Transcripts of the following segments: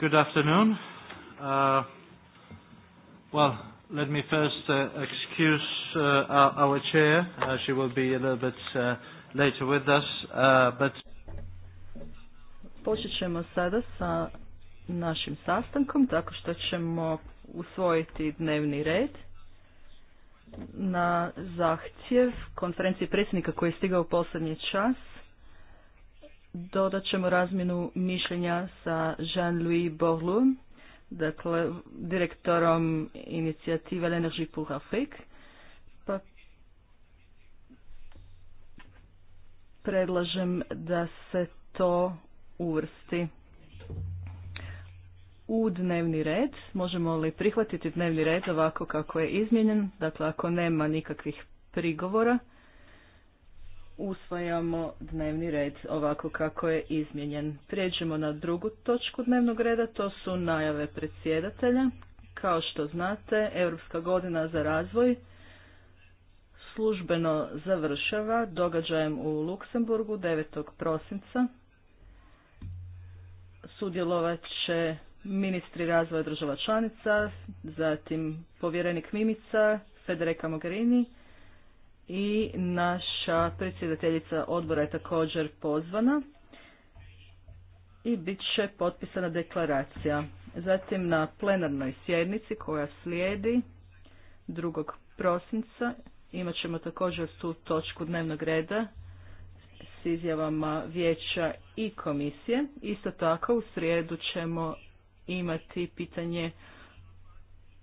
Good afternoon. Uh, well, let me first uh, excuse uh, our, chair. Uh, she will be a little bit uh, later with us, uh, but... Počet ćemo sada sa našim sastankom tako što ćemo usvojiti dnevni red na zahtjev konferencije predsjednika koji je stigao u posljednji čas dodat ćemo razminu mišljenja sa Jean-Louis Borlou, dakle direktorom inicijativa L'Energie pour Afrique. Pa predlažem da se to uvrsti u dnevni red. Možemo li prihvatiti dnevni red ovako kako je izmijenjen? Dakle, ako nema nikakvih prigovora, usvajamo dnevni red ovako kako je izmijenjen. Prijeđemo na drugu točku dnevnog reda, to su najave predsjedatelja. Kao što znate, Europska godina za razvoj službeno završava događajem u Luksemburgu 9. prosinca. Sudjelovat će ministri razvoja država članica, zatim povjerenik Mimica, Federica Mogherini, i naša predsjedateljica odbora je također pozvana i bit će potpisana deklaracija. Zatim na plenarnoj sjednici koja slijedi 2. prosinca imat ćemo također tu točku dnevnog reda s izjavama vijeća i komisije. Isto tako u srijedu ćemo imati pitanje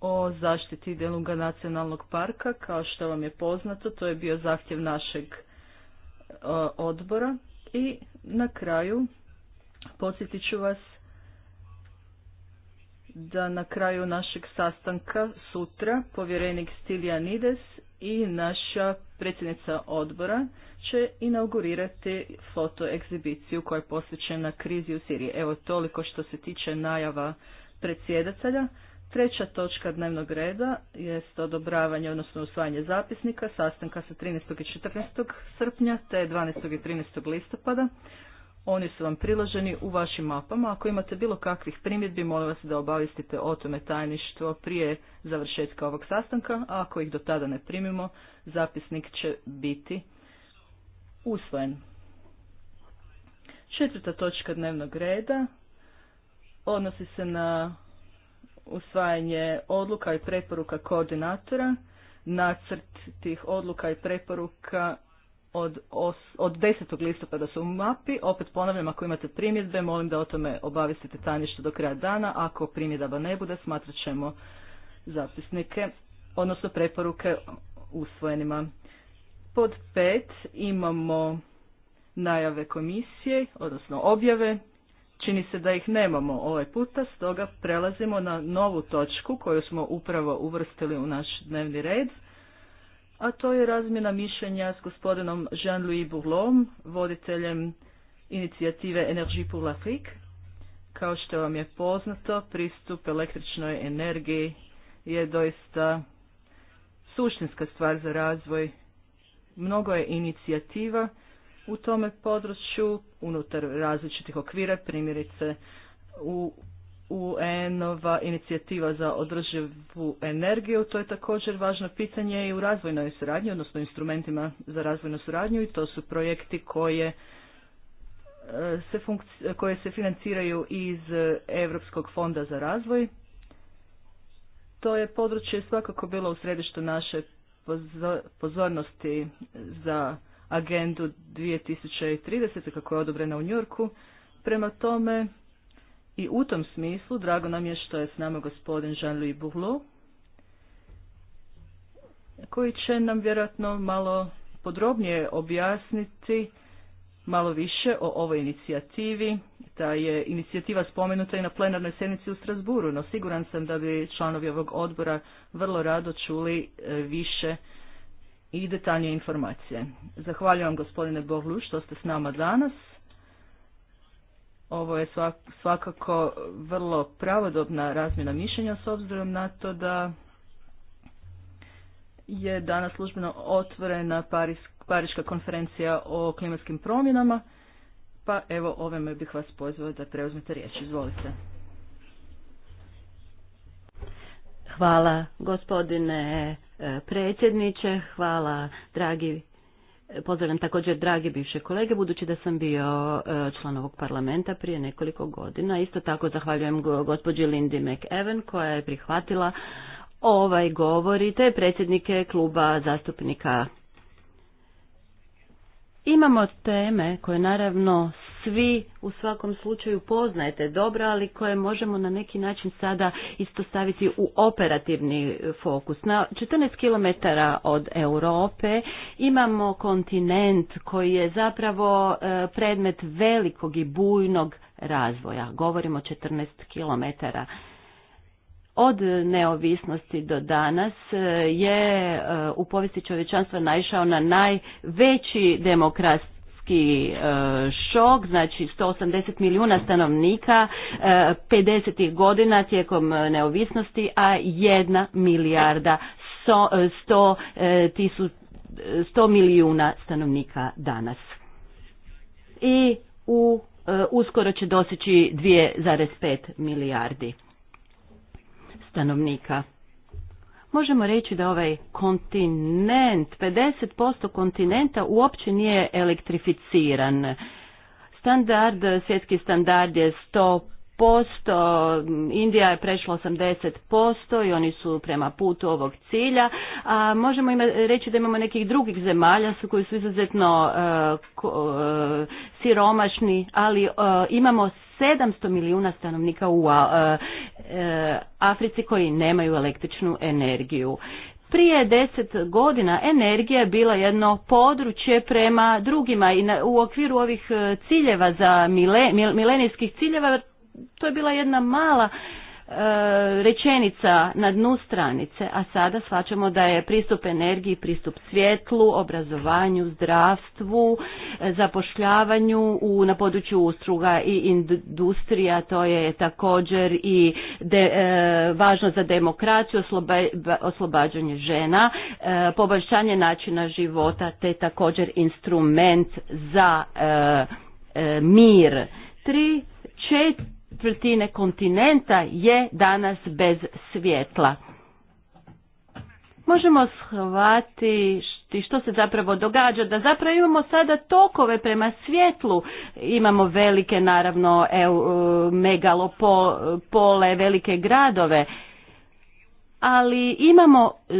o zaštiti Delunga nacionalnog parka. Kao što vam je poznato, to je bio zahtjev našeg e, odbora. I na kraju podsjetit ću vas da na kraju našeg sastanka sutra povjerenik Nides i naša predsjednica odbora će inaugurirati fotoegzibiciju koja je posvećena krizi u Siriji. Evo toliko što se tiče najava predsjedatelja. Treća točka dnevnog reda jest odobravanje, odnosno usvajanje zapisnika, sastanka sa 13. i 14. srpnja te 12. i 13. listopada. Oni su vam priloženi u vašim mapama. Ako imate bilo kakvih primjedbi, molim vas da obavistite o tome tajništvo prije završetka ovog sastanka, a ako ih do tada ne primimo, zapisnik će biti usvojen. Četvrta točka dnevnog reda odnosi se na usvajanje odluka i preporuka koordinatora, nacrt tih odluka i preporuka od, os, od 10. listopada su u mapi. Opet ponavljam, ako imate primjedbe, molim da o tome obavisite tajništvo do kraja dana. Ako primjedaba ne bude, smatrat ćemo zapisnike, odnosno preporuke usvojenima. Pod pet imamo najave komisije, odnosno objave Čini se da ih nemamo ovaj puta, stoga prelazimo na novu točku koju smo upravo uvrstili u naš dnevni red, a to je razmjena mišljenja s gospodinom Jean-Louis Bourlom, voditeljem inicijative Energy pour l'Afrique. Kao što vam je poznato, pristup električnoj energiji je doista suštinska stvar za razvoj. Mnogo je inicijativa u tome području unutar različitih okvira, primjerice u UN-ova inicijativa za održivu energiju, to je također važno pitanje i u razvojnoj suradnji, odnosno instrumentima za razvojnu suradnju i to su projekti koje e, se, koje se financiraju iz Europskog fonda za razvoj. To je područje svakako bilo u središtu naše pozornosti za agendu 2030. kako je odobrena u Njurku. Prema tome i u tom smislu drago nam je što je s nama gospodin Jean-Louis buhlo koji će nam vjerojatno malo podrobnije objasniti malo više o ovoj inicijativi. Ta je inicijativa spomenuta i na plenarnoj sjednici u Strasburu, no siguran sam da bi članovi ovog odbora vrlo rado čuli e, više i detaljnije informacije. Zahvaljujem gospodine Boglu, što ste s nama danas. Ovo je svakako vrlo pravodobna razmjena mišljenja s obzirom na to da je danas službeno otvorena Paris, Pariška konferencija o klimatskim promjenama. Pa evo ovime bih vas pozvao da preuzmete riječ. Izvolite. Hvala gospodine predsjedniče, hvala dragi Pozdravljam također dragi bivše kolege, budući da sam bio e, član ovog parlamenta prije nekoliko godina. Isto tako zahvaljujem gospođi Lindy McEwen koja je prihvatila ovaj govor i te predsjednike kluba zastupnika. Imamo teme koje naravno svi u svakom slučaju poznajete dobro, ali koje možemo na neki način sada isto u operativni fokus. Na 14 km od Europe imamo kontinent koji je zapravo e, predmet velikog i bujnog razvoja. Govorimo 14 km od neovisnosti do danas e, je e, u povijesti čovječanstva naišao na najveći demokrast demografski e, šok, znači 180 milijuna stanovnika 50. E, ih godina tijekom e, neovisnosti, a jedna milijarda 100, tisu, 100 milijuna stanovnika danas. I u uskoro će doseći 2,5 milijardi stanovnika možemo reći da ovaj kontinent, 50% kontinenta uopće nije elektrificiran. Standard, svjetski standard je 100%, Indija je prešla 80% i oni su prema putu ovog cilja. A možemo ima, reći da imamo nekih drugih zemalja su koji su izuzetno e, e, siromašni, ali e, imamo 700 milijuna stanovnika u E, Africi koji nemaju električnu energiju. Prije deset godina energija je bila jedno područje prema drugima i u okviru ovih e, ciljeva za milenijskih ciljeva to je bila jedna mala E, rečenica na dnu stranice, a sada shvaćamo da je pristup energiji, pristup svjetlu, obrazovanju, zdravstvu, e, zapošljavanju u, na području usluga i industrija, to je također i e, važno za demokraciju, oslobađanje žena, poboljšanje načina života, te također instrument za mir. Tri, četiri četvrtine kontinenta je danas bez svjetla. Možemo shvatiti što se zapravo događa, da zapravo imamo sada tokove prema svjetlu, imamo velike naravno megalopole, velike gradove ali imamo, e,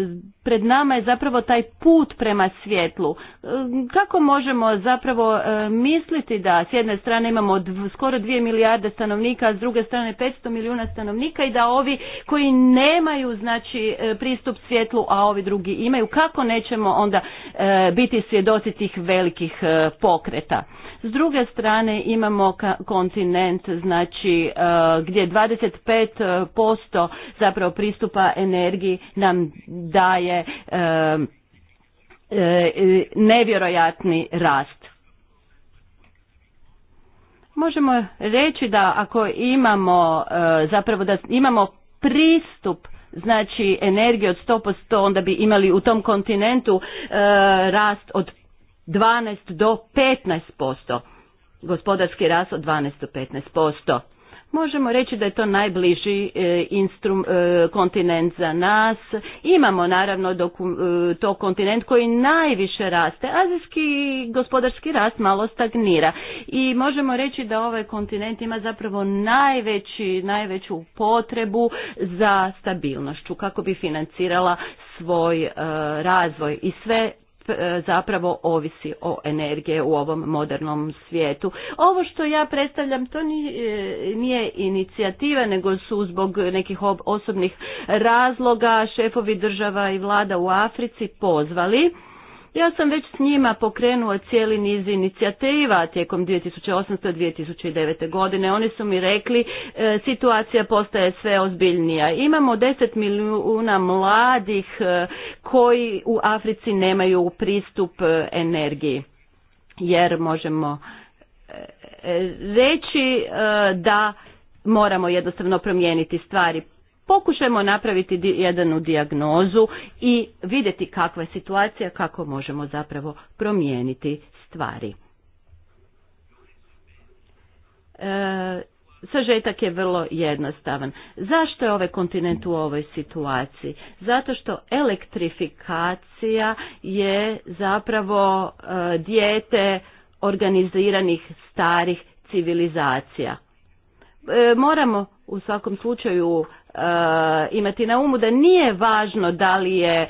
pred nama je zapravo taj put prema svjetlu. E, kako možemo zapravo e, misliti da s jedne strane imamo skoro 2 milijarde stanovnika, a s druge strane 500 milijuna stanovnika i da ovi koji nemaju znači pristup svjetlu, a ovi drugi imaju, kako nećemo onda E, biti svjedoci tih velikih e, pokreta. S druge strane imamo kontinent znači e, gdje 25% zapravo pristupa energiji nam daje nevjerojatni rast. Možemo reći da ako imamo zapravo da imamo pristup znači energije od 100%, onda bi imali u tom kontinentu e, rast od 12 do 15%, gospodarski rast od 12 do 15%. Možemo reći da je to najbliži e, e, kontinent za nas. Imamo naravno e, to kontinent koji najviše raste. Azijski gospodarski rast malo stagnira i možemo reći da ovaj kontinent ima zapravo najveći, najveću potrebu za stabilnošću kako bi financirala svoj razvoj i sve E, zapravo ovisi o energije u ovom modernom svijetu. Ovo što ja predstavljam to e, nije inicijativa nego su zbog nekih osobnih razloga šefovi država i vlada u Africi pozvali ja sam već s njima pokrenuo cijeli niz inicijativa tijekom 2008-2009. godine. Oni su mi rekli e, situacija postaje sve ozbiljnija. Imamo 10 milijuna mladih e, koji u Africi nemaju pristup e, energiji. Jer možemo reći da moramo jednostavno promijeniti stvari pokušajmo napraviti jednu dijagnozu i vidjeti kakva je situacija, kako možemo zapravo promijeniti stvari. E, Sažetak je vrlo jednostavan. Zašto je ovaj kontinent u ovoj situaciji? Zato što elektrifikacija je zapravo e, dijete organiziranih starih civilizacija. E, moramo u svakom slučaju e, imati na umu da nije važno da li je e,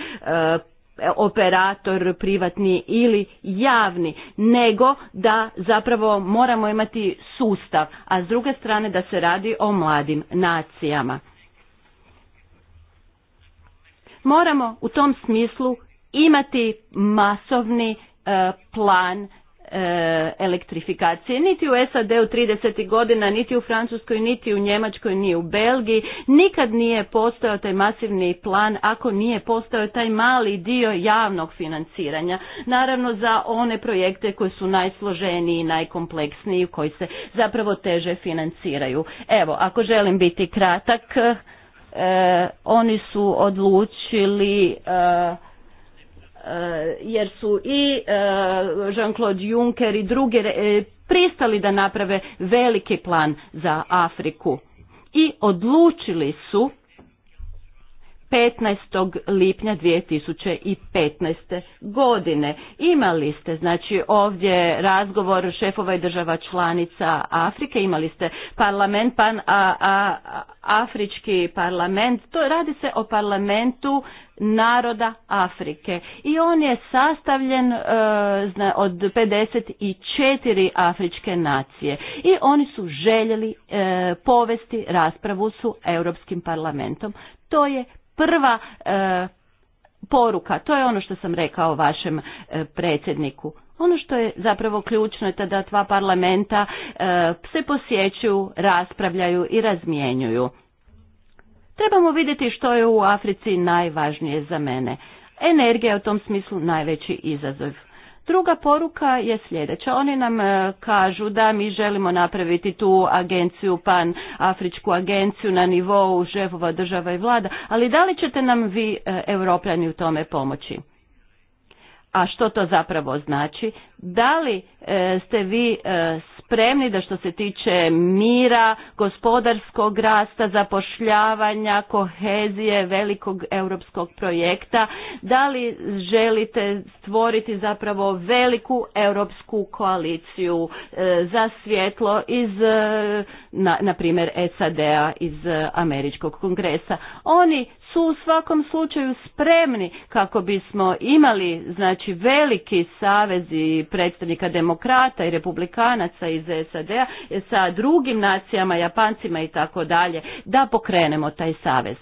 operator privatni ili javni, nego da zapravo moramo imati sustav, a s druge strane da se radi o mladim nacijama. Moramo u tom smislu imati masovni e, plan E, elektrifikacije. Niti u SAD-u 30. godina, niti u Francuskoj, niti u Njemačkoj, ni u Belgiji. Nikad nije postojao taj masivni plan ako nije postojao taj mali dio javnog financiranja. Naravno za one projekte koji su najsloženiji i najkompleksniji koji se zapravo teže financiraju. Evo, ako želim biti kratak, e, oni su odlučili e, Eh, jer su i eh, Jean-Claude Juncker i drugi eh, pristali da naprave veliki plan za Afriku i odlučili su 15. lipnja 2015. godine. Imali ste znači ovdje razgovor šefova i država članica Afrike, imali ste parlament, pan a, a, afrički parlament, to radi se o parlamentu naroda Afrike i on je sastavljen e, od od 54 afričke nacije i oni su željeli e, povesti raspravu su Europskim parlamentom. To je prva e, poruka. To je ono što sam rekao vašem e, predsjedniku. Ono što je zapravo ključno je da dva parlamenta e, se posjećuju, raspravljaju i razmijenjuju. Trebamo vidjeti što je u Africi najvažnije za mene. Energija je u tom smislu najveći izazov. Druga poruka je sljedeća. Oni nam e, kažu da mi želimo napraviti tu agenciju, pan Afričku agenciju na nivou šefova država i vlada, ali da li ćete nam vi, e, europljani, u tome pomoći? A što to zapravo znači? Da li e, ste vi e, spremni da što se tiče mira, gospodarskog rasta, zapošljavanja, kohezije, velikog europskog projekta, da li želite stvoriti zapravo veliku europsku koaliciju e, za svjetlo iz, na, primjer, SAD-a iz Američkog kongresa? Oni su u svakom slučaju spremni kako bismo imali znači veliki savez i predstavnika demokrata i republikanaca iz SAD-a sa drugim nacijama, Japancima i tako dalje da pokrenemo taj savez.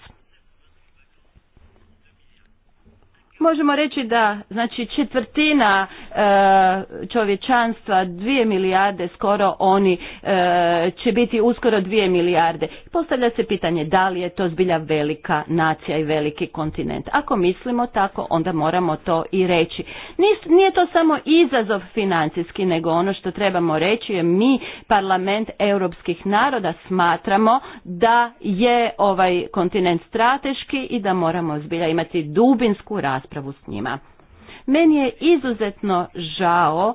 Možemo reći da znači četvrtina e, čovječanstva, dvije milijarde skoro oni e, će biti uskoro dvije milijarde. Postavlja se pitanje da li je to zbilja velika nacija i veliki kontinent. Ako mislimo tako onda moramo to i reći. nije to samo izazov financijski nego ono što trebamo reći je mi parlament europskih naroda smatramo da je ovaj kontinent strateški i da moramo zbilja imati dubinsku raspravu raspravu s njima. Meni je izuzetno žao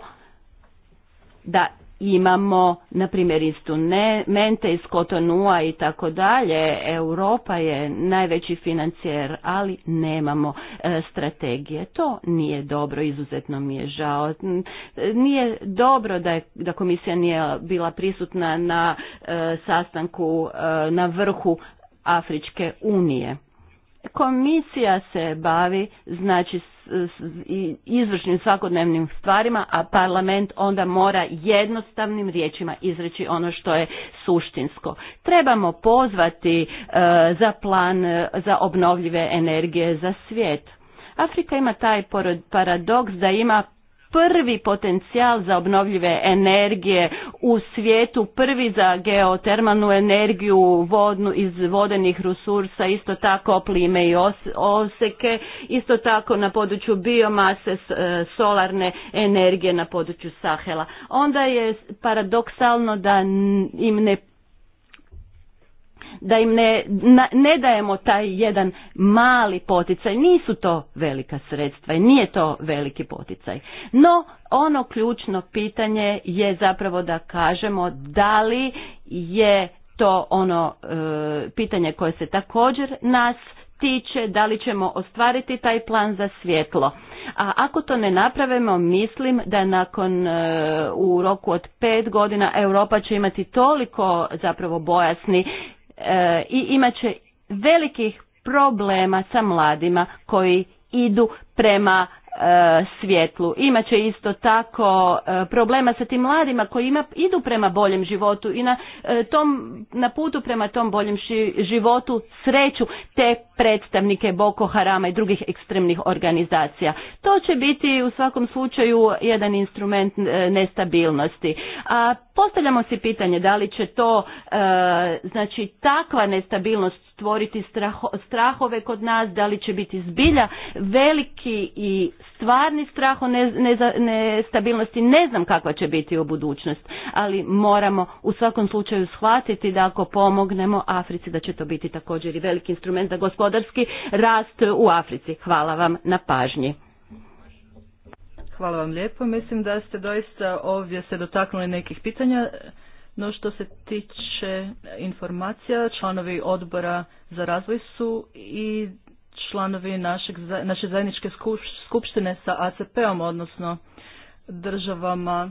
da imamo, na primjer, instrumente iz Kotonua i tako dalje. Europa je najveći financijer, ali nemamo e, strategije. To nije dobro, izuzetno mi je žao. Nije dobro da, da komisija nije bila prisutna na e, sastanku e, na vrhu Afričke unije. Komisija se bavi znači izvršnim svakodnevnim stvarima, a parlament onda mora jednostavnim riječima izreći ono što je suštinsko. Trebamo pozvati e, za plan e, za obnovljive energije za svijet. Afrika ima taj paradoks da ima prvi potencijal za obnovljive energije u svijetu, prvi za geotermalnu energiju, vodnu iz vodenih resursa, isto tako plime i oseke, isto tako na području biomase, e, solarne energije na području Sahela. Onda je paradoksalno da im ne da im ne, ne dajemo taj jedan mali poticaj. Nisu to velika sredstva i nije to veliki poticaj. No, ono ključno pitanje je zapravo da kažemo da li je to ono e, pitanje koje se također nas tiče, da li ćemo ostvariti taj plan za svjetlo. A ako to ne napravimo, mislim da nakon e, u roku od pet godina Europa će imati toliko zapravo bojasni i imat će velikih problema sa mladima koji idu prema e, svjetlu. će isto tako e, problema sa tim mladima koji ima, idu prema boljem životu i na, e, tom, na putu prema tom boljem životu sreću te predstavnike Boko Harama i drugih ekstremnih organizacija. To će biti u svakom slučaju jedan instrument nestabilnosti. A Postavljamo si pitanje da li će to, e, znači takva nestabilnost stvoriti strahove kod nas, da li će biti zbilja veliki i stvarni strah o nestabilnosti, ne, ne znam kakva će biti u budućnost, ali moramo u svakom slučaju shvatiti da ako pomognemo Africi da će to biti također i veliki instrument za gospodarski rast u Africi. Hvala vam na pažnji. Hvala vam lijepo. Mislim da ste doista ovdje se dotaknuli nekih pitanja. No što se tiče informacija, članovi odbora za razvoj su i članovi našeg, naše zajedničke skupštine sa ACP-om, odnosno državama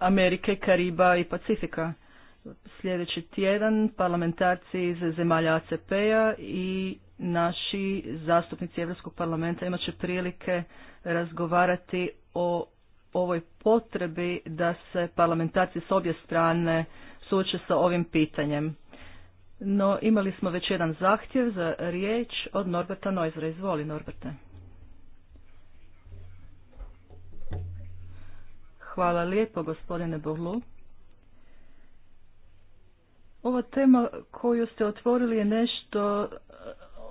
Amerike, Kariba i Pacifika sljedeći tjedan parlamentarci iz zemalja ACP-a i naši zastupnici Europskog parlamenta imat će prilike razgovarati o ovoj potrebi da se parlamentarci s obje strane suče sa ovim pitanjem. No, imali smo već jedan zahtjev za riječ od Norberta Nojzera. Izvoli, Norberte. Hvala lijepo, gospodine Boglu. Ova tema koju ste otvorili je nešto e,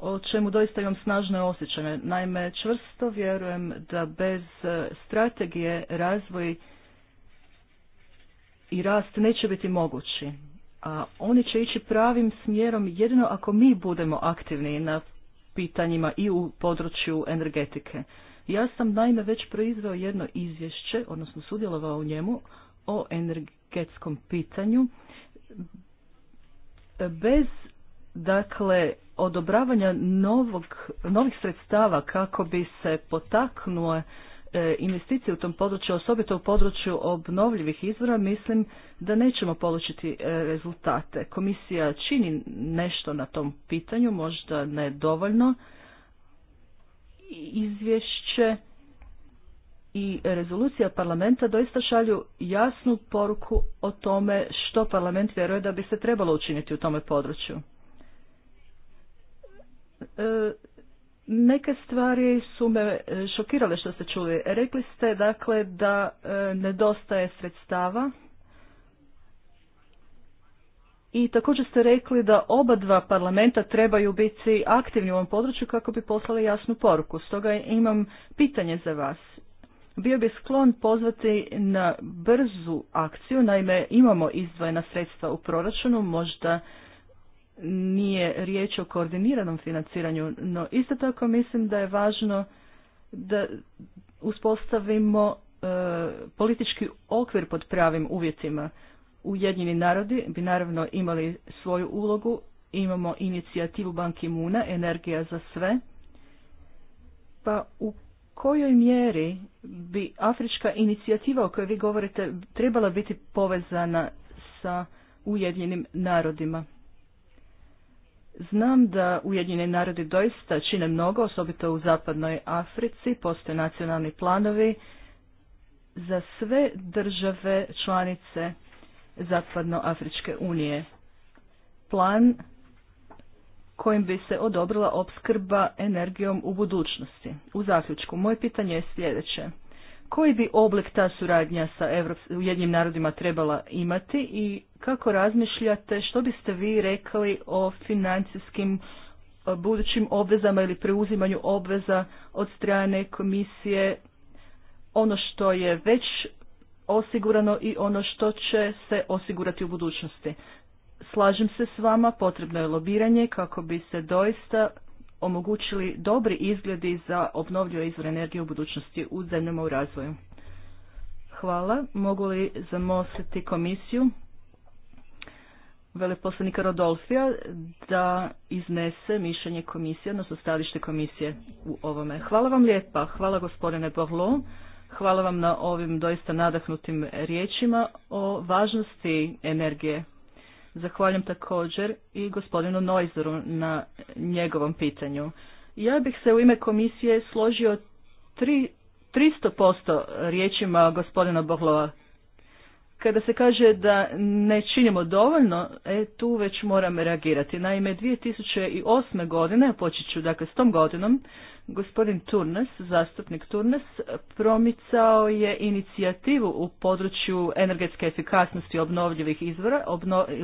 o čemu doista imam snažne osjećane. Naime, čvrsto vjerujem da bez e, strategije razvoj i rast neće biti mogući. A oni će ići pravim smjerom jedino ako mi budemo aktivni na pitanjima i u području energetike. Ja sam naime već proizveo jedno izvješće, odnosno sudjelovao u njemu, o energetskom pitanju Bez dakle odobravanja novog, novih sredstava kako bi se potaknule investicije u tom području, osobito u području obnovljivih izvora, mislim da nećemo polučiti e, rezultate. Komisija čini nešto na tom pitanju, možda ne dovoljno. Izvješće i rezolucija parlamenta doista šalju jasnu poruku o tome što parlament vjeruje da bi se trebalo učiniti u tome području. E, neke stvari su me šokirale što ste čuli. Rekli ste dakle da e, nedostaje sredstava i također ste rekli da oba dva parlamenta trebaju biti aktivni u ovom području kako bi poslali jasnu poruku. Stoga imam pitanje za vas bio bi sklon pozvati na brzu akciju, naime imamo izdvojena sredstva u proračunu, možda nije riječ o koordiniranom financiranju, no isto tako mislim da je važno da uspostavimo e, politički okvir pod pravim uvjetima. Ujedinjeni narodi bi naravno imali svoju ulogu, imamo inicijativu Banki Muna, energija za sve, pa u kojoj mjeri bi afrička inicijativa o kojoj vi govorite trebala biti povezana sa Ujedinjenim narodima? Znam da Ujedinjeni narodi doista čine mnogo, osobito u zapadnoj Africi, postoje nacionalni planovi za sve države članice Zapadnoafričke unije. Plan kojim bi se odobrila opskrba energijom u budućnosti. U zaključku, moje pitanje je sljedeće. Koji bi oblik ta suradnja sa u narodima trebala imati i kako razmišljate, što biste vi rekli o financijskim e, budućim obvezama ili preuzimanju obveza od strane komisije, ono što je već osigurano i ono što će se osigurati u budućnosti slažem se s vama, potrebno je lobiranje kako bi se doista omogućili dobri izgledi za obnovljive izvore energije u budućnosti u zemljama u razvoju. Hvala. Mogu li zamositi komisiju veleposlanika Rodolfija da iznese mišljenje komisije, odnosno stavište komisije u ovome. Hvala vam lijepa. Hvala gospodine Borlo. Hvala vam na ovim doista nadahnutim riječima o važnosti energije Zahvaljujem također i gospodinu Noizeru na njegovom pitanju. Ja bih se u ime komisije složio tri, 300% riječima gospodina Bohlova kada se kaže da ne činimo dovoljno, e, tu već moram reagirati. Naime, 2008. godine, počet ću dakle s tom godinom, gospodin Turnes, zastupnik Turnes, promicao je inicijativu u području energetske efikasnosti obnovljivih izvora.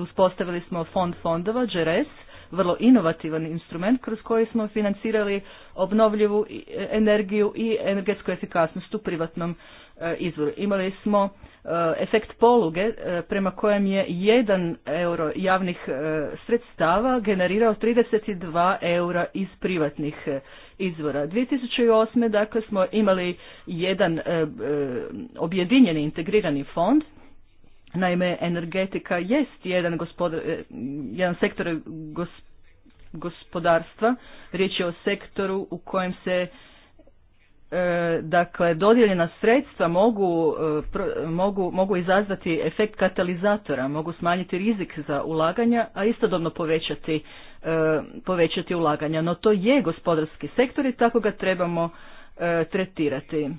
uspostavili smo fond fondova, GRS, vrlo inovativan instrument kroz koji smo financirali obnovljivu energiju i energetsku efikasnost u privatnom E, izvor. Imali smo e, efekt poluge e, prema kojem je jedan euro javnih sredstava generirao 32 eura iz privatnih izvora. 2008. dakle smo imali jedan objedinjeni integrirani fond Naime, energetika jest jedan, gospodar, jedan sektor gospodarstva, riječ je o sektoru u kojem se E, dakle dodijeljena sredstva mogu, e, mogu, mogu izazvati efekt katalizatora, mogu smanjiti rizik za ulaganja, a istodobno povećati, e, povećati ulaganja. No to je gospodarski sektor i tako ga trebamo tretirati.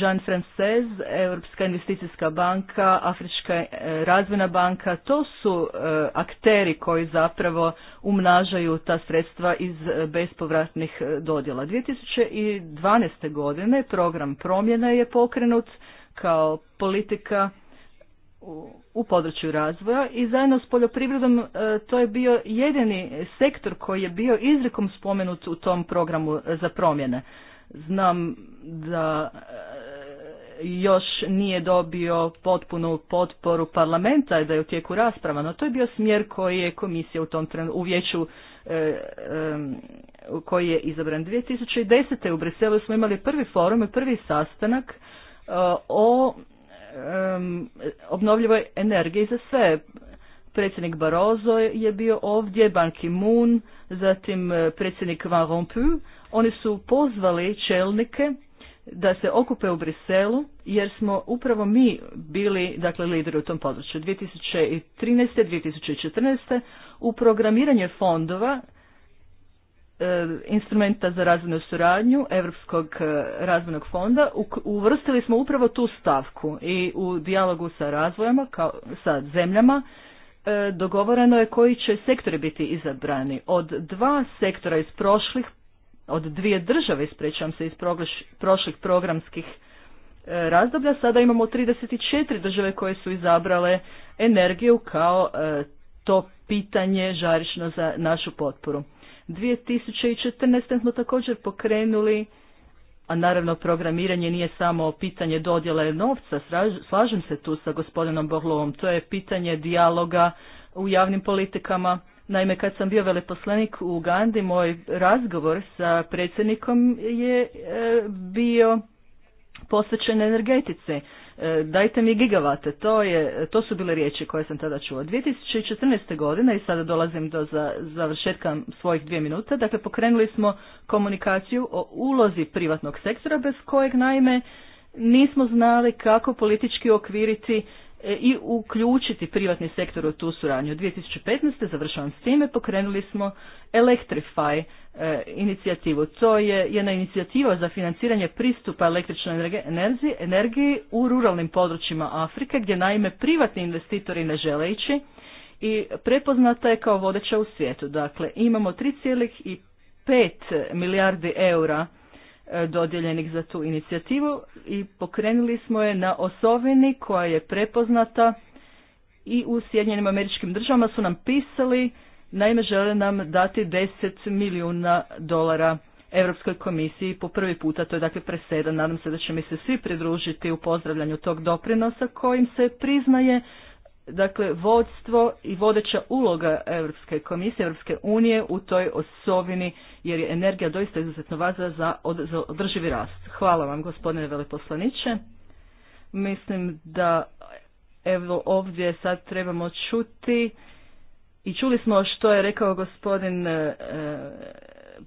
Jean Frances, Europska investicijska banka, Afrička eh, razvojna banka, to su eh, akteri koji zapravo umnažaju ta sredstva iz eh, bespovratnih dodjela. 2012. godine program promjena je pokrenut kao politika u području razvoja i zajedno s poljoprivredom to je bio jedini sektor koji je bio izrekom spomenut u tom programu za promjene. Znam da e, još nije dobio potpunu potporu parlamenta i da je u tijeku rasprava, no to je bio smjer koji je komisija u tom trenutku u vijeću e, e, koji je izabran 2010. u Briselu smo imali prvi forum i prvi sastanak o obnovljivoj energiji za sve. Predsjednik Barozo je bio ovdje, Ban Ki-moon, zatim predsjednik Van Rompuy, oni su pozvali čelnike da se okupe u Briselu jer smo upravo mi bili dakle lideri u tom području 2013. 2014. u programiranje fondova e, instrumenta za razvojnu suradnju Europskog e, razvojnog fonda uvrstili smo upravo tu stavku i u dijalogu sa razvojama kao sa zemljama e, dogovoreno je koji će sektori biti izabrani od dva sektora iz prošlih od dvije države, ispričavam se, iz prošlih programskih e, razdoblja, sada imamo 34 države koje su izabrale energiju kao e, to pitanje žarično za našu potporu. 2014. smo također pokrenuli, a naravno programiranje nije samo pitanje dodjele novca, slažem se tu sa gospodinom Bohlovom, to je pitanje dijaloga u javnim politikama, Naime, kad sam bio veleposlanik u Ugandi, moj razgovor sa predsjednikom je e, bio posvećen energetice. Dajte mi gigavate, to, je, to su bile riječi koje sam tada čuo. 2014. godine, i sada dolazim do za, završetka svojih dvije minuta, dakle pokrenuli smo komunikaciju o ulozi privatnog sektora bez kojeg naime nismo znali kako politički okviriti E, i uključiti privatni sektor u tu suradnju. 2015. završavam s time, pokrenuli smo Electrify e, inicijativu. To je jedna inicijativa za financiranje pristupa električnoj energiji u ruralnim područjima Afrike, gdje naime privatni investitori ne žele ići i prepoznata je kao vodeća u svijetu. Dakle, imamo 3,5 milijardi eura E, dodijeljenih za tu inicijativu i pokrenuli smo je na osovini koja je prepoznata i u Sjedinjenim američkim državama su nam pisali, naime žele nam dati 10 milijuna dolara Europskoj komisiji po prvi puta, to je dakle presedan, nadam se da će mi se svi pridružiti u pozdravljanju tog doprinosa kojim se priznaje dakle vodstvo i vodeća uloga Europske komisije, Europske unije u toj osovini jer je energija doista izuzetno važna za, održivi rast. Hvala vam gospodine veleposlaniče. Mislim da evo ovdje sad trebamo čuti i čuli smo što je rekao gospodin e,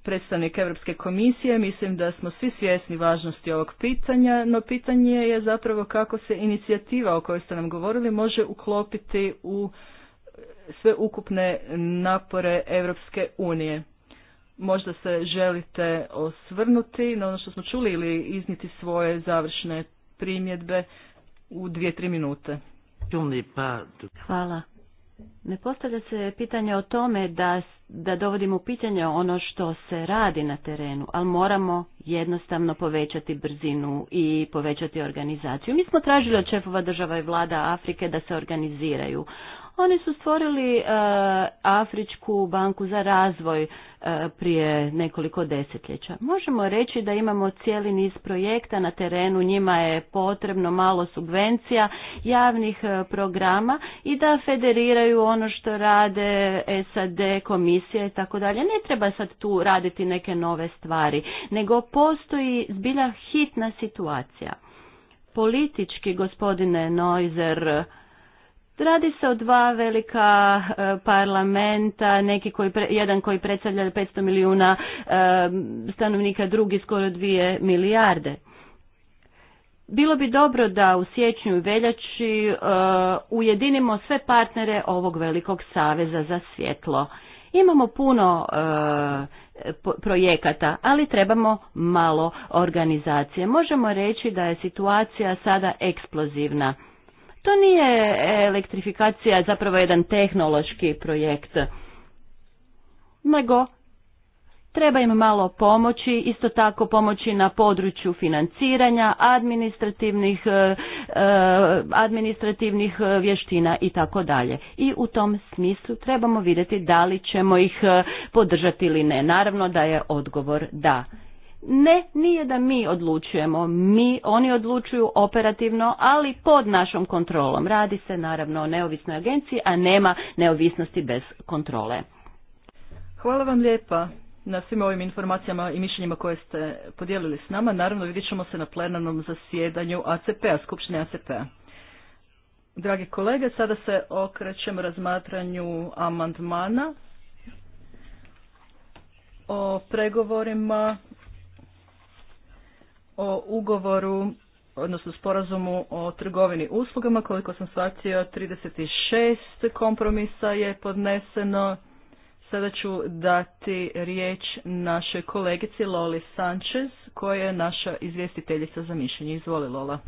predstavnik Europske komisije, mislim da smo svi svjesni važnosti ovog pitanja, no pitanje je zapravo kako se inicijativa o kojoj ste nam govorili može uklopiti u sve ukupne napore Europske unije. Možda se želite osvrnuti na ono što smo čuli ili izniti svoje završne primjedbe u dvije, tri minute. Pa- Hvala. Ne postavlja se pitanje o tome da, da dovodimo u pitanje ono što se radi na terenu, ali moramo jednostavno povećati brzinu i povećati organizaciju. Mi smo tražili od šefova država i vlada Afrike da se organiziraju. Oni su stvorili e, Afričku banku za razvoj e, prije nekoliko desetljeća. Možemo reći da imamo cijeli niz projekta na terenu, njima je potrebno malo subvencija javnih e, programa i da federiraju ono što rade SAD, komisije i tako dalje. Ne treba sad tu raditi neke nove stvari, nego postoji zbilja hitna situacija. Politički, gospodine Noizer, Radi se o dva velika e, parlamenta, neki koji, jedan koji predstavlja 500 milijuna e, stanovnika, drugi skoro dvije milijarde. Bilo bi dobro da u siječnju i veljači e, ujedinimo sve partnere ovog velikog saveza za svjetlo. Imamo puno projekata, ali trebamo malo organizacije. Možemo reći da je situacija sada eksplozivna. To nije e, elektrifikacija zapravo jedan tehnološki projekt, nego treba im malo pomoći, isto tako pomoći na području financiranja, administrativnih, e, e, administrativnih vještina i tako dalje. I u tom smislu trebamo vidjeti da li ćemo ih podržati ili ne. Naravno da je odgovor da ne, nije da mi odlučujemo, mi, oni odlučuju operativno, ali pod našom kontrolom. Radi se naravno o neovisnoj agenciji, a nema neovisnosti bez kontrole. Hvala vam lijepa na svim ovim informacijama i mišljenjima koje ste podijelili s nama. Naravno vidjet ćemo se na plenarnom zasjedanju ACP-a, Skupštine ACP-a. Dragi kolege, sada se okrećemo razmatranju amandmana o pregovorima o ugovoru, odnosno sporazumu o trgovini uslugama. Koliko sam shvatio, 36 kompromisa je podneseno. Sada ću dati riječ našoj kolegici Loli Sanchez, koja je naša izvjestiteljica za mišljenje. Izvoli Lola.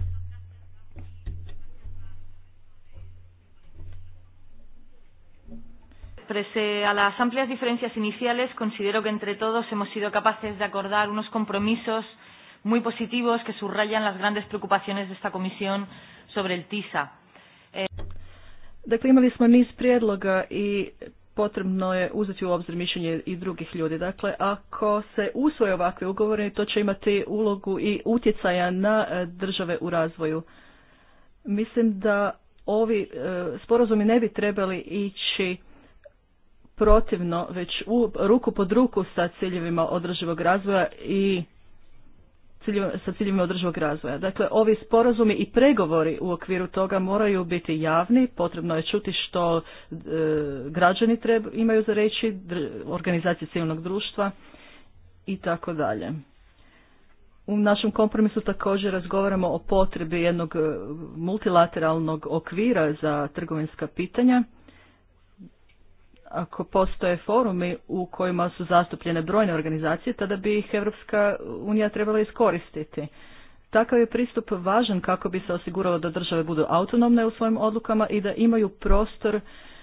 Prese a las amplias diferencias iniciales, considero que entre todos hemos sido capaces de acordar unos compromisos muy positivos que subrayan las grandes preocupaciones de esta comisión sobre el TISA. Eh, dakle, imali smo niz prijedloga i potrebno je uzeti u obzir mišljenje i drugih ljudi. Dakle, ako se usvoje ovakve ugovore, to će imati ulogu i utjecaja na e, države u razvoju. Mislim da ovi e, sporazumi ne bi trebali ići protivno, već ruku pod ruku sa ciljevima održivog razvoja i sa ciljima održivog razvoja. Dakle, ovi sporazumi i pregovori u okviru toga moraju biti javni, potrebno je čuti što e, građani treba, imaju za reći, organizacije civilnog društva i tako dalje. U našem kompromisu također razgovaramo o potrebi jednog e, multilateralnog okvira za trgovinska pitanja ako postoje forumi u kojima su zastupljene brojne organizacije, tada bi ih Evropska unija trebala iskoristiti. Takav je pristup važan kako bi se osiguralo da države budu autonomne u svojim odlukama i da imaju prostor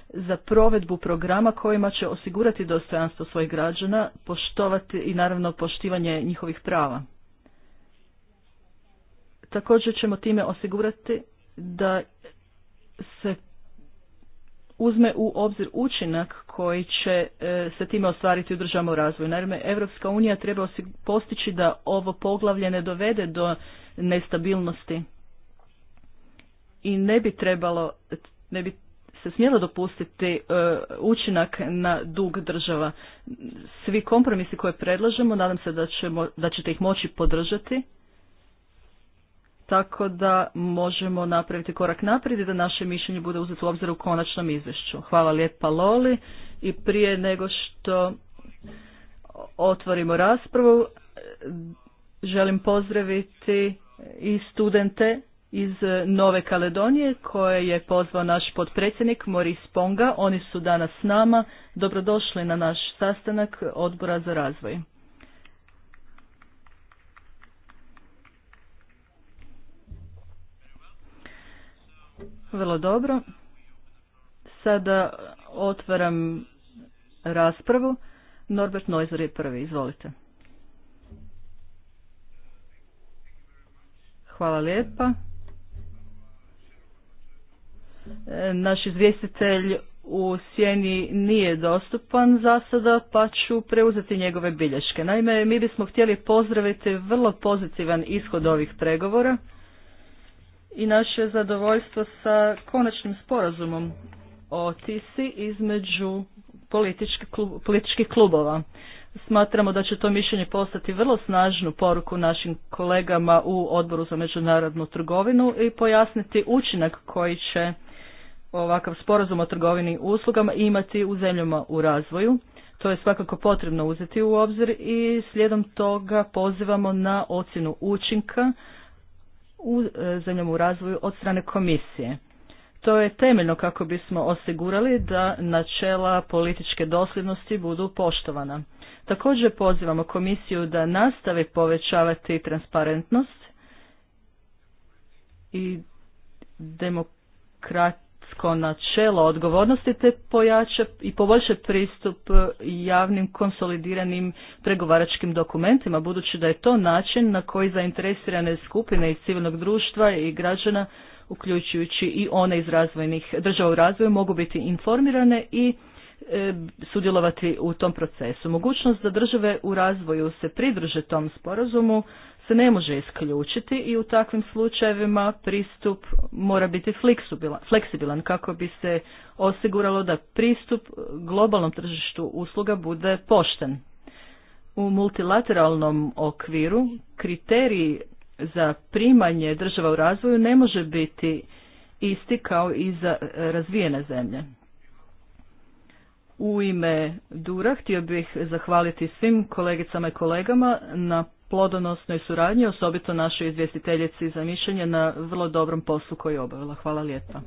za provedbu programa kojima će osigurati dostojanstvo svojih građana, poštovati i naravno poštivanje njihovih prava. Također ćemo time osigurati da se uzme u obzir učinak koji će e, se time ostvariti u državnom razvoju. Naime, Europska unija treba postići da ovo poglavlje ne dovede do nestabilnosti i ne bi trebalo, ne bi se smjelo dopustiti e, učinak na dug država. Svi kompromisi koje predlažemo, nadam se da, ćemo, da ćete ih moći podržati tako da možemo napraviti korak naprijed i da naše mišljenje bude uzeti u obzir u konačnom izvješću. Hvala lijepa Loli i prije nego što otvorimo raspravu, želim pozdraviti i studente iz Nove Kaledonije koje je pozvao naš potpredsjednik Moris Ponga. Oni su danas s nama. Dobrodošli na naš sastanak odbora za razvoj. Vrlo dobro. Sada otvaram raspravu. Norbert Neuser je prvi, izvolite. Hvala lijepa. E, naš izvjestitelj u sjeni nije dostupan za sada, pa ću preuzeti njegove bilješke. Naime, mi bismo htjeli pozdraviti vrlo pozitivan ishod ovih pregovora i naše zadovoljstvo sa konačnim sporazumom o TISI između politički političkih klubova. Smatramo da će to mišljenje postati vrlo snažnu poruku našim kolegama u Odboru za međunarodnu trgovinu i pojasniti učinak koji će ovakav sporazum o trgovini uslugama imati u zemljama u razvoju. To je svakako potrebno uzeti u obzir i slijedom toga pozivamo na ocjenu učinka u e, zemljom u razvoju od strane komisije. To je temeljno kako bismo osigurali da načela političke dosljednosti budu poštovana. Također pozivamo komisiju da nastavi povećavati transparentnost i demokrat demokratsko načelo odgovornosti te pojače i poboljše pristup e, javnim konsolidiranim pregovaračkim dokumentima, budući da je to način na koji zainteresirane skupine iz civilnog društva i građana, uključujući i one iz razvojnih država u razvoju, mogu biti informirane i e, sudjelovati u tom procesu. Mogućnost da države u razvoju se pridruže tom sporazumu se ne može isključiti i u takvim slučajevima pristup mora biti fleksibilan kako bi se osiguralo da pristup globalnom tržištu usluga bude pošten. U multilateralnom okviru kriteriji za primanje država u razvoju ne može biti isti kao i za razvijene zemlje. U ime Dura htio bih zahvaliti svim kolegicama i kolegama na plodonosnoj suradnji, osobito našoj izvjestiteljici za mišljenje na vrlo dobrom poslu koji je obavila. Hvala lijepa.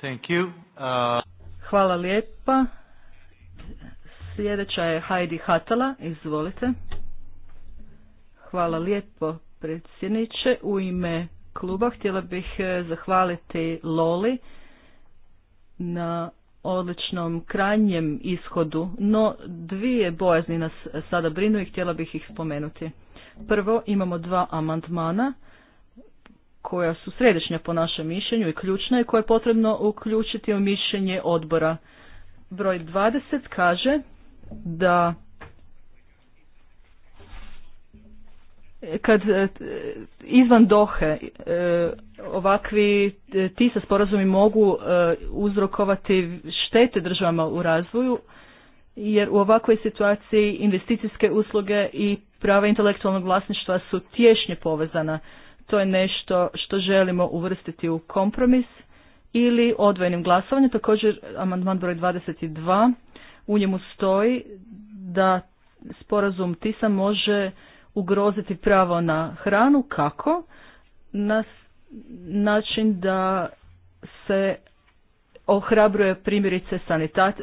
Thank you. Uh... Hvala lijepa. Sljedeća je Heidi Hatala, izvolite. Hvala lijepo predsjedniče. U ime kluba htjela bih eh, zahvaliti Loli na odličnom krajnjem ishodu, no dvije bojazni nas sada brinu i htjela bih ih spomenuti. Prvo, imamo dva amandmana koja su središnja po našem mišljenju i ključna i koje je potrebno uključiti u mišljenje odbora. Broj 20 kaže da kad e, izvan Dohe e, ovakvi e, ti se sporazumi mogu uzrokovati štete državama u razvoju, jer u ovakvoj situaciji investicijske usluge i prava intelektualnog vlasništva su tješnje povezana. To je nešto što želimo uvrstiti u kompromis ili odvojenim glasovanjem. Također, amandman broj 22, u njemu stoji da sporazum TISA može ugroziti pravo na hranu kako na način da se ohrabruje primjerice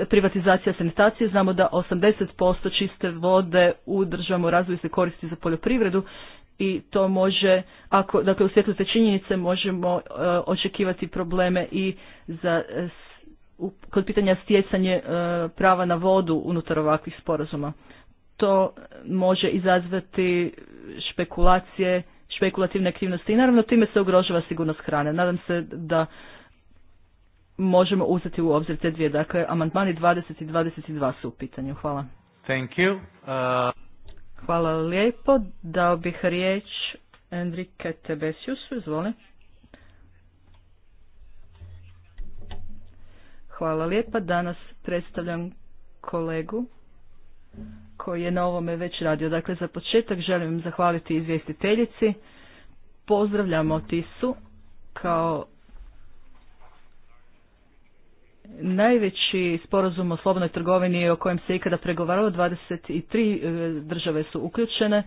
privatizacija sanitacije. Znamo da 80% čiste vode u državnom razvoju se koristi za poljoprivredu i to može, ako, dakle u svjetlu te činjenice možemo e, očekivati probleme i za, e, kod pitanja stjecanje e, prava na vodu unutar ovakvih sporazuma to može izazvati špekulacije, špekulativne aktivnosti i naravno time se ugrožava sigurnost hrane. Nadam se da možemo uzeti u obzir te dvije. Dakle, amandmani 20 i 22 su u pitanju. Hvala. Thank you. Uh, Hvala lijepo. Dao bih riječ Enrique Tebesiusu. Izvoli. Hvala lijepa. Danas predstavljam kolegu koji je na ovome već radio. Dakle, za početak želim zahvaliti izvjestiteljici. Pozdravljamo TISU kao najveći sporazum o slobodnoj trgovini o kojem se ikada pregovaralo. 23 e, države su uključene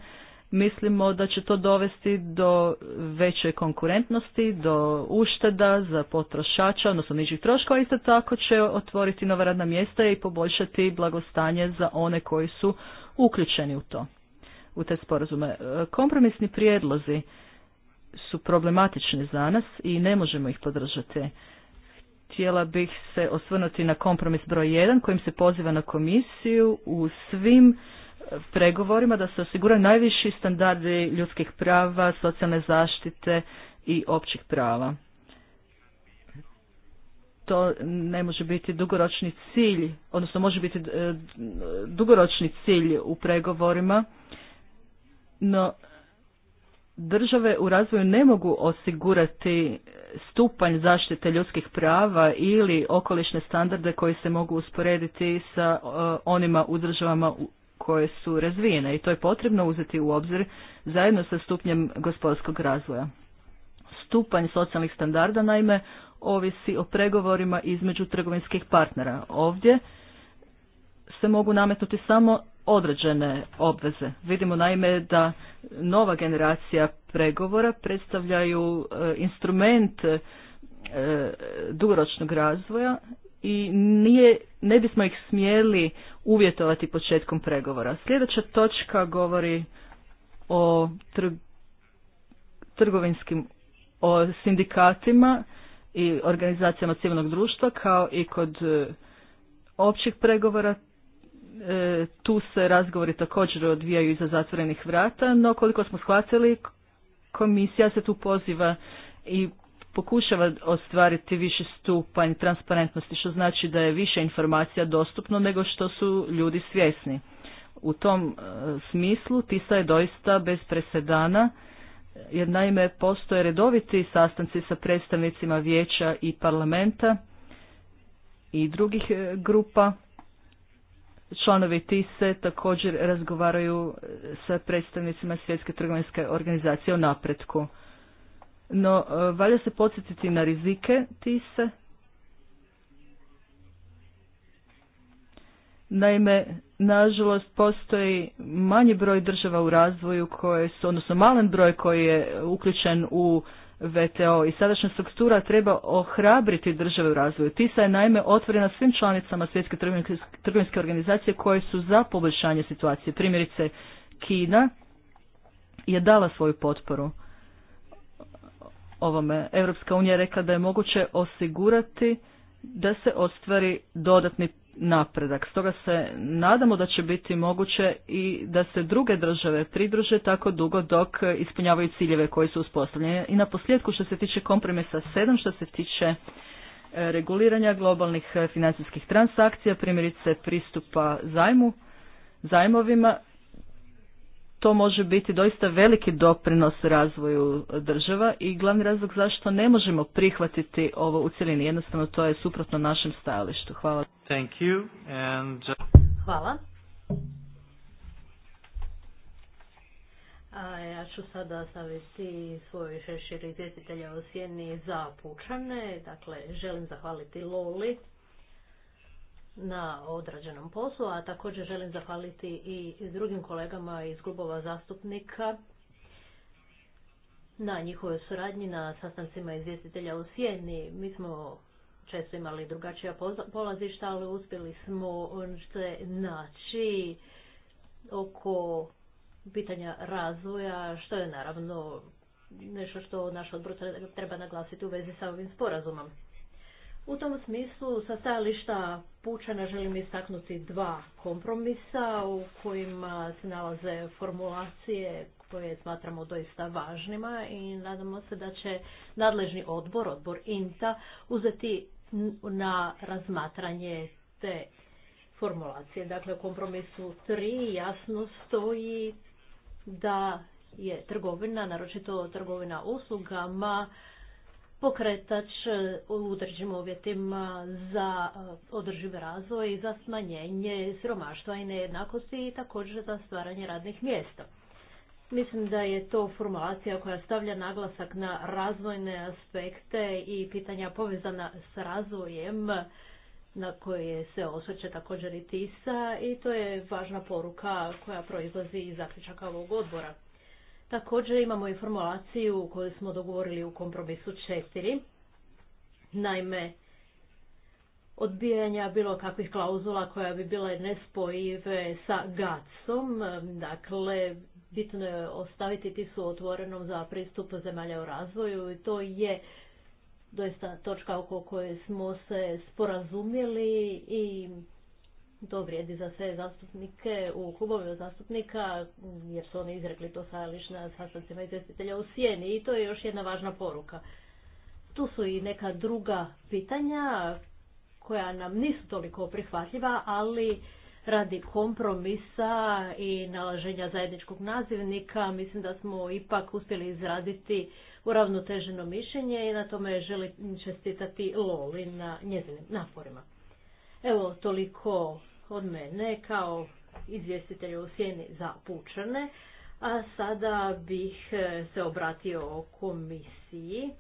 Mislimo da će to dovesti do veće konkurentnosti, do ušteda za potrošača, odnosno nižih troškova, isto tako će otvoriti nova radna mjesta i poboljšati blagostanje za one koji su uključeni u to, u te sporazume. E, kompromisni prijedlozi su problematični za nas i ne možemo ih podržati. Htjela bih se osvrnuti na kompromis broj 1 kojim se poziva na komisiju u svim pregovorima da se osiguraju najviši standardi ljudskih prava, socijalne zaštite i općih prava. To ne može biti dugoročni cilj, odnosno može biti e, dugoročni cilj u pregovorima, no države u razvoju ne mogu osigurati stupanj zaštite ljudskih prava ili okolišne standarde koji se mogu usporediti sa e, onima u državama koje su razvijene i to je potrebno uzeti u obzir zajedno sa stupnjem gospodarskog razvoja. Stupanj socijalnih standarda naime ovisi o pregovorima između trgovinskih partnera. Ovdje se mogu nametnuti samo određene obveze. Vidimo naime da nova generacija pregovora predstavljaju e, instrument e, dugoročnog razvoja i nije, ne bismo ih smjeli uvjetovati početkom pregovora. Sljedeća točka govori o trgovinskim o sindikatima i organizacijama civilnog društva kao i kod e, općih pregovora. E, tu se razgovori također odvijaju iza zatvorenih vrata, no koliko smo shvatili, komisija se tu poziva i pokušava ostvariti više stupanj transparentnosti, što znači da je više informacija dostupno nego što su ljudi svjesni. U tom e, smislu TISA je doista bez presedana, jer naime postoje redoviti sastanci sa predstavnicima vijeća i parlamenta i drugih e, grupa. Članovi TISE također razgovaraju e, sa predstavnicima Svjetske trgovinske organizacije o napretku. No, e, valja se podsjetiti na rizike tise. Naime, nažalost, postoji manji broj država u razvoju koje su, odnosno malen broj koji je uključen u VTO i sadašnja struktura treba ohrabriti države u razvoju. TISA je naime otvorena svim članicama svjetske trgovinske organizacije koje su za poboljšanje situacije. Primjerice, Kina je dala svoju potporu ovome. Europska unija rekla da je moguće osigurati da se ostvari dodatni napredak. Stoga se nadamo da će biti moguće i da se druge države pridruže tako dugo dok ispunjavaju ciljeve koji su uspostavljeni. I na posljedku što se tiče kompromisa 7, što se tiče e, reguliranja globalnih e, financijskih transakcija, primjerice pristupa zajmu, zajmovima, to može biti doista veliki doprinos razvoju država i glavni razlog zašto ne možemo prihvatiti ovo u cjelini. Jednostavno to je suprotno našem stajalištu. Hvala. Thank you and... Uh, Hvala. A ja ću sada staviti svoje šešir izvjestitelja o sjeni za pučane. Dakle, želim zahvaliti Loli na odrađenom poslu, a također želim zahvaliti i drugim kolegama iz klubova zastupnika na njihovoj suradnji na sastancima izvjestitelja u Sjeni. Mi smo često imali drugačija polazišta, ali uspjeli smo se naći oko pitanja razvoja, što je naravno nešto što naš odbor treba naglasiti u vezi sa ovim sporazumom. U tom smislu sa stajališta Pučana želim istaknuti dva kompromisa u kojima se nalaze formulacije koje smatramo doista važnima i nadamo se da će nadležni odbor, odbor INTA, uzeti na razmatranje te formulacije. Dakle, u kompromisu 3 jasno stoji da je trgovina, naročito trgovina uslugama, pokretač e, u određenim uvjetima za e, održiv razvoj i za smanjenje siromaštva i nejednakosti i također za stvaranje radnih mjesta. Mislim da je to formulacija koja stavlja naglasak na razvojne aspekte i pitanja povezana s razvojem na koje se osvrće također i TISA i to je važna poruka koja proizlazi iz zaključaka ovog odbora. Također imamo i formulaciju koju smo dogovorili u kompromisu četiri. Naime, odbijanja bilo kakvih klauzula koja bi bile nespojive sa GATS-om. Dakle, bitno je ostaviti tisu otvorenom za pristup zemalja u razvoju i to je doista točka oko koje smo se sporazumjeli i to vrijedi za sve zastupnike u klubovima zastupnika, jer su oni izrekli to stajalište na sastancima izvjestitelja u Sijeni i to je još jedna važna poruka. Tu su i neka druga pitanja koja nam nisu toliko prihvatljiva, ali radi kompromisa i nalaženja zajedničkog nazivnika mislim da smo ipak uspjeli izraditi uravnoteženo mišljenje i na tome želim čestitati Loli na njezinim naporima. Evo toliko od mene kao izvjestitelja u sjeni za pučane, a sada bih e, se obratio komisiji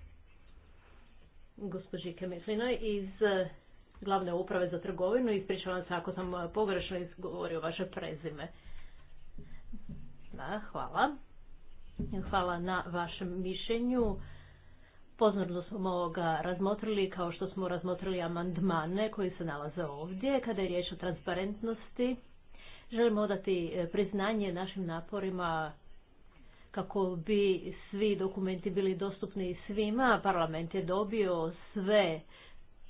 gospođi Kemislinoj iz e, glavne uprave za trgovinu i ispričavam se ako sam e, pogrešno izgovorio vaše prezime. Da, hvala. Hvala na vašem mišljenju Pozorno smo ga razmotrili kao što smo razmotrili amandmane koji se nalaze ovdje. Kada je riječ o transparentnosti, želimo odati e, priznanje našim naporima kako bi svi dokumenti bili dostupni svima. Parlament je dobio sve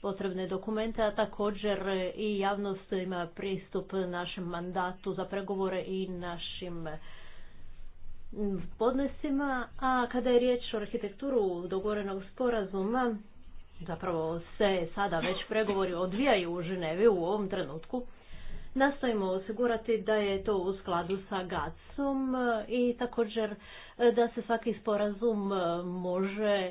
potrebne dokumente, a također i javnost ima pristup našem mandatu za pregovore i našim podnesima, a kada je riječ o arhitekturu dogovorenog sporazuma, zapravo se sada već pregovori odvijaju u Ženevi u ovom trenutku, nastojimo osigurati da je to u skladu sa GAC-om e, i također e, da se svaki sporazum e, može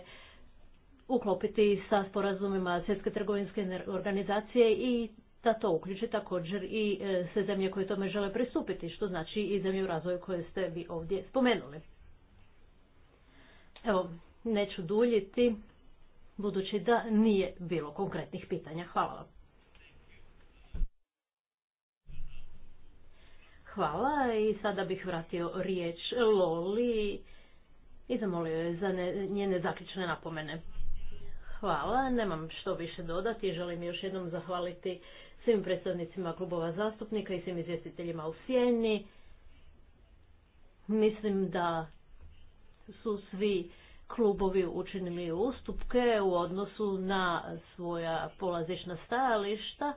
uklopiti sa sporazumima Svjetske trgovinske organizacije i da to uključi također i e, sve zemlje koje tome žele pristupiti, što znači i zemlje u razvoju koje ste vi ovdje spomenuli. Evo, neću duljiti, budući da nije bilo konkretnih pitanja. Hvala vam. Hvala i sada bih vratio riječ Loli i zamolio je za njene zaključne napomene. Hvala, nemam što više dodati. Želim još jednom zahvaliti svim predstavnicima klubova zastupnika i svim izvjestiteljima u Sjeni. Mislim da su svi klubovi učinili ustupke u odnosu na svoja polazišna stajališta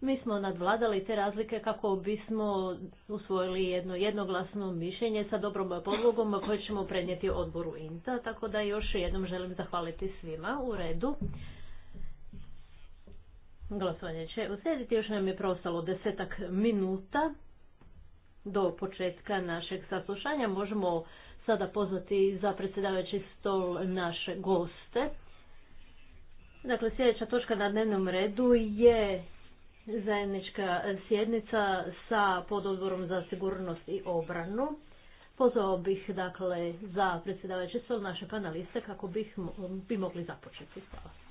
mi smo nadvladali te razlike kako bismo usvojili jedno jednoglasno mišljenje sa dobrom podlogom koje ćemo prenijeti odboru INTA, tako da još jednom želim zahvaliti svima u redu. Glasovanje će uslijediti, još nam je preostalo desetak minuta do početka našeg saslušanja. Možemo sada pozvati za predsjedavajući stol naše goste. Dakle, sljedeća točka na dnevnom redu je zajednička sjednica sa pododborom za sigurnost i obranu. Pozvao bih dakle za predsjedavajući stol naše paneliste kako bih, bi mogli započeti. Hvala.